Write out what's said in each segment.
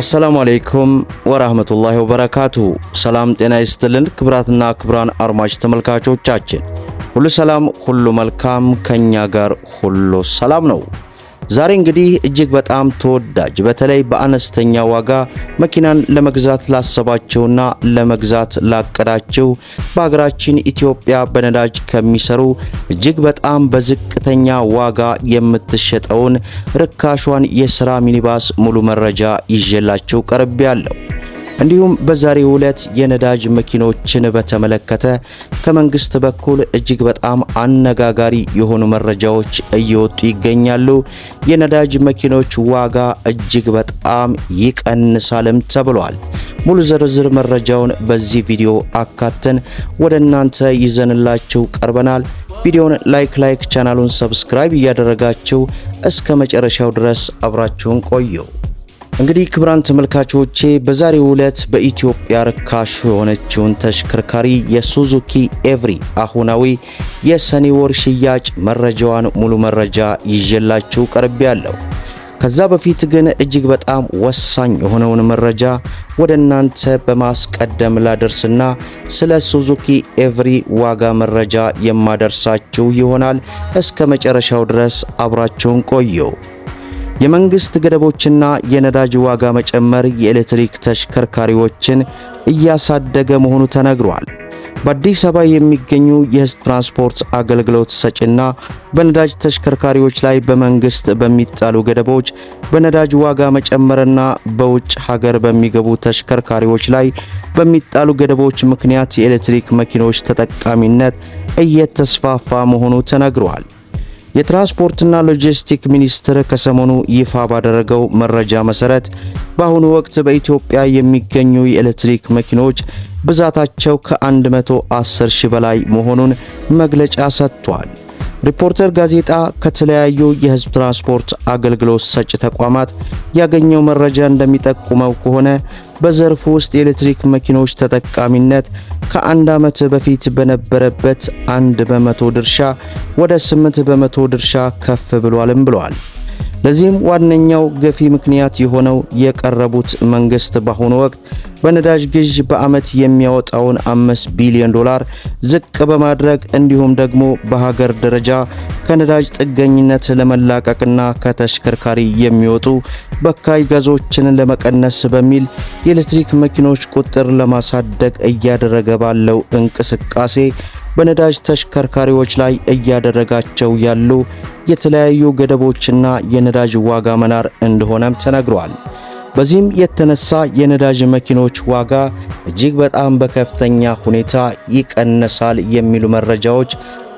አሰላሙ አለይኩም ወራህመቱላሂ ወበረካቱሁ። ሰላም ጤና ይስጥልን ክብራትና ክብራን አድማጭ ተመልካቾቻችን ሁሉ ሰላም ሁሉ መልካም፣ ከኛ ጋር ሁሉ ሰላም ነው። ዛሬ እንግዲህ እጅግ በጣም ተወዳጅ በተለይ በአነስተኛ ዋጋ መኪናን ለመግዛት ላሰባቸውና ለመግዛት ላቀዳቸው በሀገራችን ኢትዮጵያ በነዳጅ ከሚሰሩ እጅግ በጣም በዝቅተኛ ዋጋ የምትሸጠውን ርካሿን የስራ ሚኒባስ ሙሉ መረጃ ይዤላችሁ ቀርቤ ያለው እንዲሁም በዛሬው ዕለት የነዳጅ መኪኖችን በተመለከተ ከመንግስት በኩል እጅግ በጣም አነጋጋሪ የሆኑ መረጃዎች እየወጡ ይገኛሉ። የነዳጅ መኪኖች ዋጋ እጅግ በጣም ይቀንሳልም ተብሏል። ሙሉ ዝርዝር መረጃውን በዚህ ቪዲዮ አካተን ወደ እናንተ ይዘንላችሁ ቀርበናል። ቪዲዮውን ላይክ ላይክ ቻናሉን ሰብስክራይብ እያደረጋችሁ እስከ መጨረሻው ድረስ አብራችሁን ቆየው። እንግዲህ ክብራን ተመልካቾቼ በዛሬው ዕለት በኢትዮጵያ ርካሽ የሆነችውን ተሽከርካሪ የሱዙኪ ኤቭሪ አሁናዊ የሰኔ ወር ሽያጭ መረጃዋን ሙሉ መረጃ ይዤላችሁ ቀርቤያለሁ። ከዛ በፊት ግን እጅግ በጣም ወሳኝ የሆነውን መረጃ ወደ እናንተ በማስቀደም ላደርስና ስለ ሱዙኪ ኤቭሪ ዋጋ መረጃ የማደርሳችሁ ይሆናል። እስከ መጨረሻው ድረስ አብራችሁን ቆየው የመንግስት ገደቦችና የነዳጅ ዋጋ መጨመር የኤሌክትሪክ ተሽከርካሪዎችን እያሳደገ መሆኑ ተነግሯል። በአዲስ አበባ የሚገኙ የህዝብ ትራንስፖርት አገልግሎት ሰጪና በነዳጅ ተሽከርካሪዎች ላይ በመንግስት በሚጣሉ ገደቦች በነዳጅ ዋጋ መጨመርና በውጭ ሀገር በሚገቡ ተሽከርካሪዎች ላይ በሚጣሉ ገደቦች ምክንያት የኤሌክትሪክ መኪኖች ተጠቃሚነት እየተስፋፋ መሆኑ ተነግሯል። የትራንስፖርትና ሎጂስቲክ ሚኒስቴር ከሰሞኑ ይፋ ባደረገው መረጃ መሰረት በአሁኑ ወቅት በኢትዮጵያ የሚገኙ የኤሌክትሪክ መኪኖች ብዛታቸው ከ110 ሺህ በላይ መሆኑን መግለጫ ሰጥቷል። ሪፖርተር ጋዜጣ ከተለያዩ የህዝብ ትራንስፖርት አገልግሎት ሰጪ ተቋማት ያገኘው መረጃ እንደሚጠቁመው ከሆነ በዘርፉ ውስጥ የኤሌክትሪክ መኪኖች ተጠቃሚነት ከአንድ ዓመት በፊት በነበረበት አንድ በመቶ ድርሻ ወደ ስምንት በመቶ ድርሻ ከፍ ብሏልም ብለዋል። ለዚህም ዋነኛው ገፊ ምክንያት የሆነው የቀረቡት መንግስት በአሁኑ ወቅት በነዳጅ ግዥ በዓመት የሚያወጣውን 5 ቢሊዮን ዶላር ዝቅ በማድረግ እንዲሁም ደግሞ በሀገር ደረጃ ከነዳጅ ጥገኝነት ለመላቀቅና ከተሽከርካሪ የሚወጡ በካይ ጋዞችን ለመቀነስ በሚል የኤሌክትሪክ መኪኖች ቁጥር ለማሳደግ እያደረገ ባለው እንቅስቃሴ በነዳጅ ተሽከርካሪዎች ላይ እያደረጋቸው ያሉ የተለያዩ ገደቦችና የነዳጅ ዋጋ መናር እንደሆነም ተነግሯል። በዚህም የተነሳ የነዳጅ መኪኖች ዋጋ እጅግ በጣም በከፍተኛ ሁኔታ ይቀነሳል የሚሉ መረጃዎች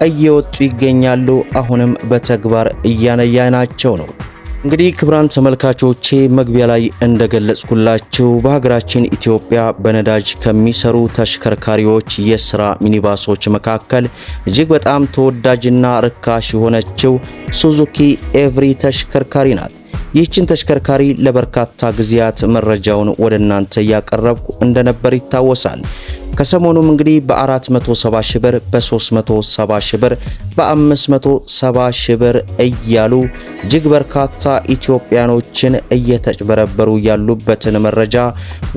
እየወጡ ይገኛሉ። አሁንም በተግባር እያነያናቸው ነው። እንግዲህ ክብራን ተመልካቾቼ መግቢያ ላይ እንደገለጽኩላችሁ በሀገራችን ኢትዮጵያ በነዳጅ ከሚሰሩ ተሽከርካሪዎች የስራ ሚኒባሶች መካከል እጅግ በጣም ተወዳጅና ርካሽ የሆነችው ሱዙኪ ኤቭሪ ተሽከርካሪ ናት። ይህችን ተሽከርካሪ ለበርካታ ጊዜያት መረጃውን ወደ እናንተ እያቀረብኩ እንደነበር ይታወሳል። ከሰሞኑም እንግዲህ በ470 ሺህ ብር፣ በ370 ሺህ ብር፣ በ570 ሺህ ብር እያሉ እጅግ በርካታ ኢትዮጵያኖችን እየተጭበረበሩ ያሉበትን መረጃ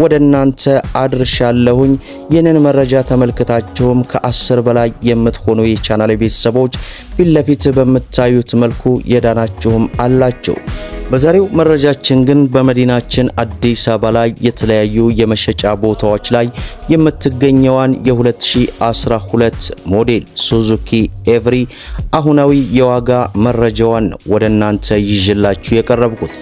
ወደ እናንተ አድርሻለሁኝ። ይህንን መረጃ ተመልክታችሁም ከ10 በላይ የምትሆኑ የቻናል ቤተሰቦች ፊት ለፊት በምታዩት መልኩ የዳናችሁም አላችሁ። በዛሬው መረጃችን ግን በመዲናችን አዲስ አበባ ላይ የተለያዩ የመሸጫ ቦታዎች ላይ የምትገኘዋን የ2012 ሞዴል ሱዙኪ ኤቭሪ አሁናዊ የዋጋ መረጃዋን ነው ወደ እናንተ ይዤላችሁ የቀረብኩት።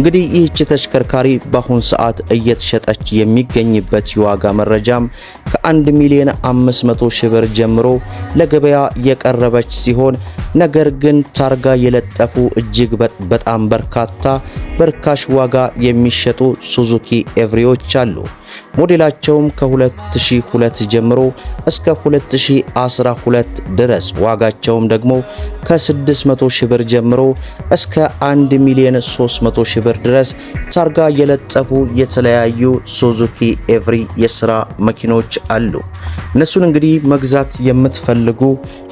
እንግዲህ ይህች ተሽከርካሪ በአሁን ሰዓት እየተሸጠች የሚገኝበት የዋጋ መረጃም ከ1 ሚሊዮን 500 ሺህ ብር ጀምሮ ለገበያ የቀረበች ሲሆን ነገር ግን ታርጋ የለጠፉ እጅግ በጣም በርካታ በርካሽ ዋጋ የሚሸጡ ሱዙኪ ኤቭሪዎች አሉ። ሞዴላቸውም ከ2002 ጀምሮ እስከ 2012 ድረስ ዋጋቸውም ደግሞ ከ600 ሺህ ብር ጀምሮ እስከ 1 ሚሊዮን 300 ሺህ ብር ድረስ ታርጋ የለጠፉ የተለያዩ ሱዙኪ ኤቭሪ የስራ መኪኖች አሉ። እነሱን እንግዲህ መግዛት የምትፈልጉ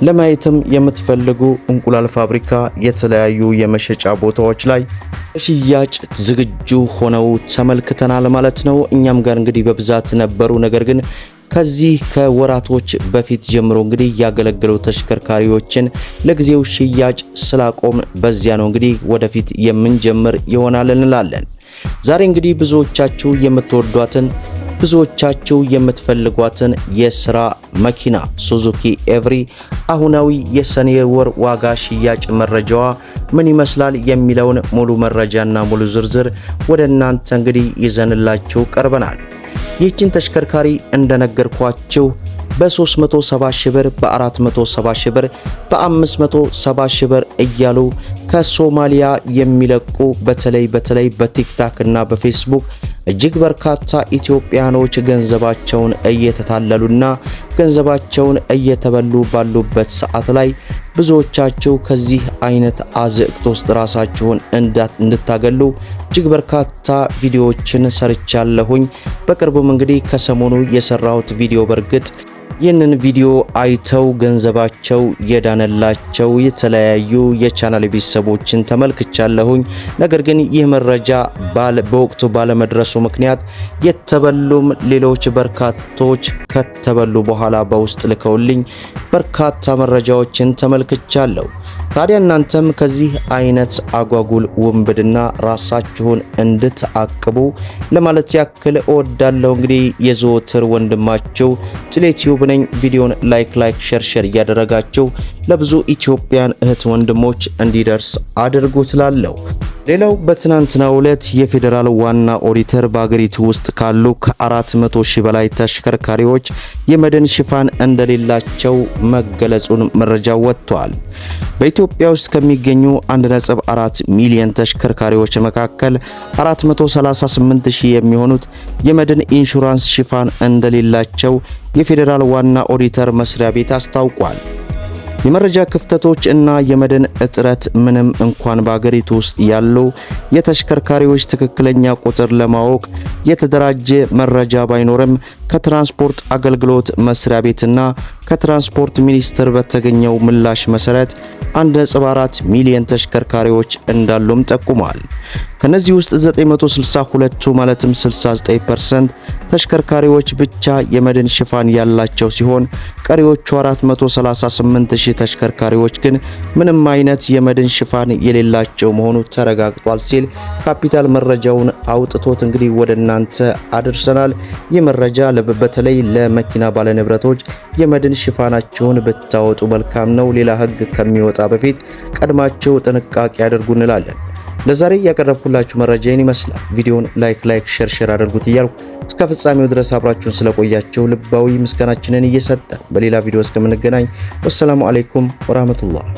ለማየትም የምትፈልጉ እንቁላል ፋብሪካ የተለያዩ የመሸጫ ቦታዎች ላይ ሽያጭ ዝግጁ ሆነው ተመልክተናል ማለት ነው። እኛም ጋር እንግዲህ በብዛት ነበሩ። ነገር ግን ከዚህ ከወራቶች በፊት ጀምሮ እንግዲህ ያገለገሉ ተሽከርካሪዎችን ለጊዜው ሽያጭ ስላቆም በዚያ ነው እንግዲህ ወደፊት የምንጀምር ይሆናል እንላለን። ዛሬ እንግዲህ ብዙዎቻችሁ የምትወዷትን ብዙዎቻችሁ የምትፈልጓትን የስራ መኪና ሱዙኪ ኤቭሪ አሁናዊ የሰኔ ወር ዋጋ ሽያጭ መረጃዋ ምን ይመስላል የሚለውን ሙሉ መረጃና ሙሉ ዝርዝር ወደ እናንተ እንግዲህ ይዘንላችሁ ቀርበናል። ይህችን ተሽከርካሪ እንደነገርኳችሁ በ370 ሺህ ብር፣ በ470 ሺህ ብር፣ በ570 ሺህ ብር እያሉ ከሶማሊያ የሚለቁ በተለይ በተለይ በቲክታክ እና በፌስቡክ እጅግ በርካታ ኢትዮጵያኖች ገንዘባቸውን እየተታለሉና ገንዘባቸውን እየተበሉ ባሉበት ሰዓት ላይ ብዙዎቻችሁ ከዚህ አይነት አዘቅት ውስጥ ራሳችሁን እንድታገሉ እጅግ በርካታ ቪዲዮዎችን ሰርቻለሁኝ። በቅርቡም እንግዲህ ከሰሞኑ የሰራሁት ቪዲዮ በርግጥ ይህንን ቪዲዮ አይተው ገንዘባቸው የዳነላቸው የተለያዩ የቻናል ቤተሰቦችን ተመልክቻለሁኝ። ነገር ግን ይህ መረጃ በወቅቱ ባለመድረሱ ምክንያት የተበሉም ሌሎች በርካቶች ከተበሉ በኋላ በውስጥ ልከውልኝ በርካታ መረጃዎችን ተመልክቻለሁ። ታዲያ እናንተም ከዚህ አይነት አጓጉል ውንብድና ራሳችሁን እንድትአቅቡ ለማለት ያክል እወዳለሁ። እንግዲህ የዘወትር ወንድማችሁ ጥሌ ቲዩብ ነኝ። ቪዲዮን ላይክ ላይክ ሼር ሼር እያደረጋችሁ ለብዙ ኢትዮጵያን እህት ወንድሞች እንዲደርስ አድርጉ ትላለሁ። ሌላው በትናንትናው ዕለት የፌዴራል ዋና ኦዲተር በአገሪቱ ውስጥ ካሉ ከ400 ሺህ በላይ ተሽከርካሪዎች የመድን ሽፋን እንደሌላቸው መገለጹን መረጃ ወጥቷል። በኢትዮ ኢትዮጵያ ውስጥ ከሚገኙ 1.4 ሚሊዮን ተሽከርካሪዎች መካከል 438000 የሚሆኑት የመድን ኢንሹራንስ ሽፋን እንደሌላቸው የፌዴራል ዋና ኦዲተር መስሪያ ቤት አስታውቋል። የመረጃ ክፍተቶች እና የመድን እጥረት ምንም እንኳን በአገሪቱ ውስጥ ያሉ የተሽከርካሪዎች ትክክለኛ ቁጥር ለማወቅ የተደራጀ መረጃ ባይኖርም ከትራንስፖርት አገልግሎት መስሪያ ቤትና ከትራንስፖርት ሚኒስቴር በተገኘው ምላሽ መሰረት 1.4 ሚሊዮን ተሽከርካሪዎች እንዳሉም ጠቁመዋል። ከነዚህ ውስጥ 962ቱ ማለትም 69% ተሽከርካሪዎች ብቻ የመድን ሽፋን ያላቸው ሲሆን ቀሪዎቹ 438000 ተሽከርካሪዎች ግን ምንም አይነት የመድን ሽፋን የሌላቸው መሆኑ ተረጋግጧል ሲል ካፒታል መረጃውን አውጥቶት እንግዲህ ወደ እናንተ አድርሰናል። ይህ መረጃ በተለይ ለመኪና ባለንብረቶች የመድን ሽፋናቸውን ብታወጡ መልካም ነው። ሌላ ህግ ከሚወጣ በፊት ቀድማቸው ጥንቃቄ አድርጉ እንላለን። ለዛሬ ያቀረብኩላችሁ መረጃን ይመስላል። ቪዲዮን ላይክ ላይክ ሼር ሼር አድርጉት እያልኩ እስከ ፍጻሜው ድረስ አብራችሁን ስለቆያችሁ ልባዊ ምስጋናችንን እየሰጠን በሌላ ቪዲዮ እስከምንገናኝ ወሰላሙ አሌይኩም ወራህመቱላህ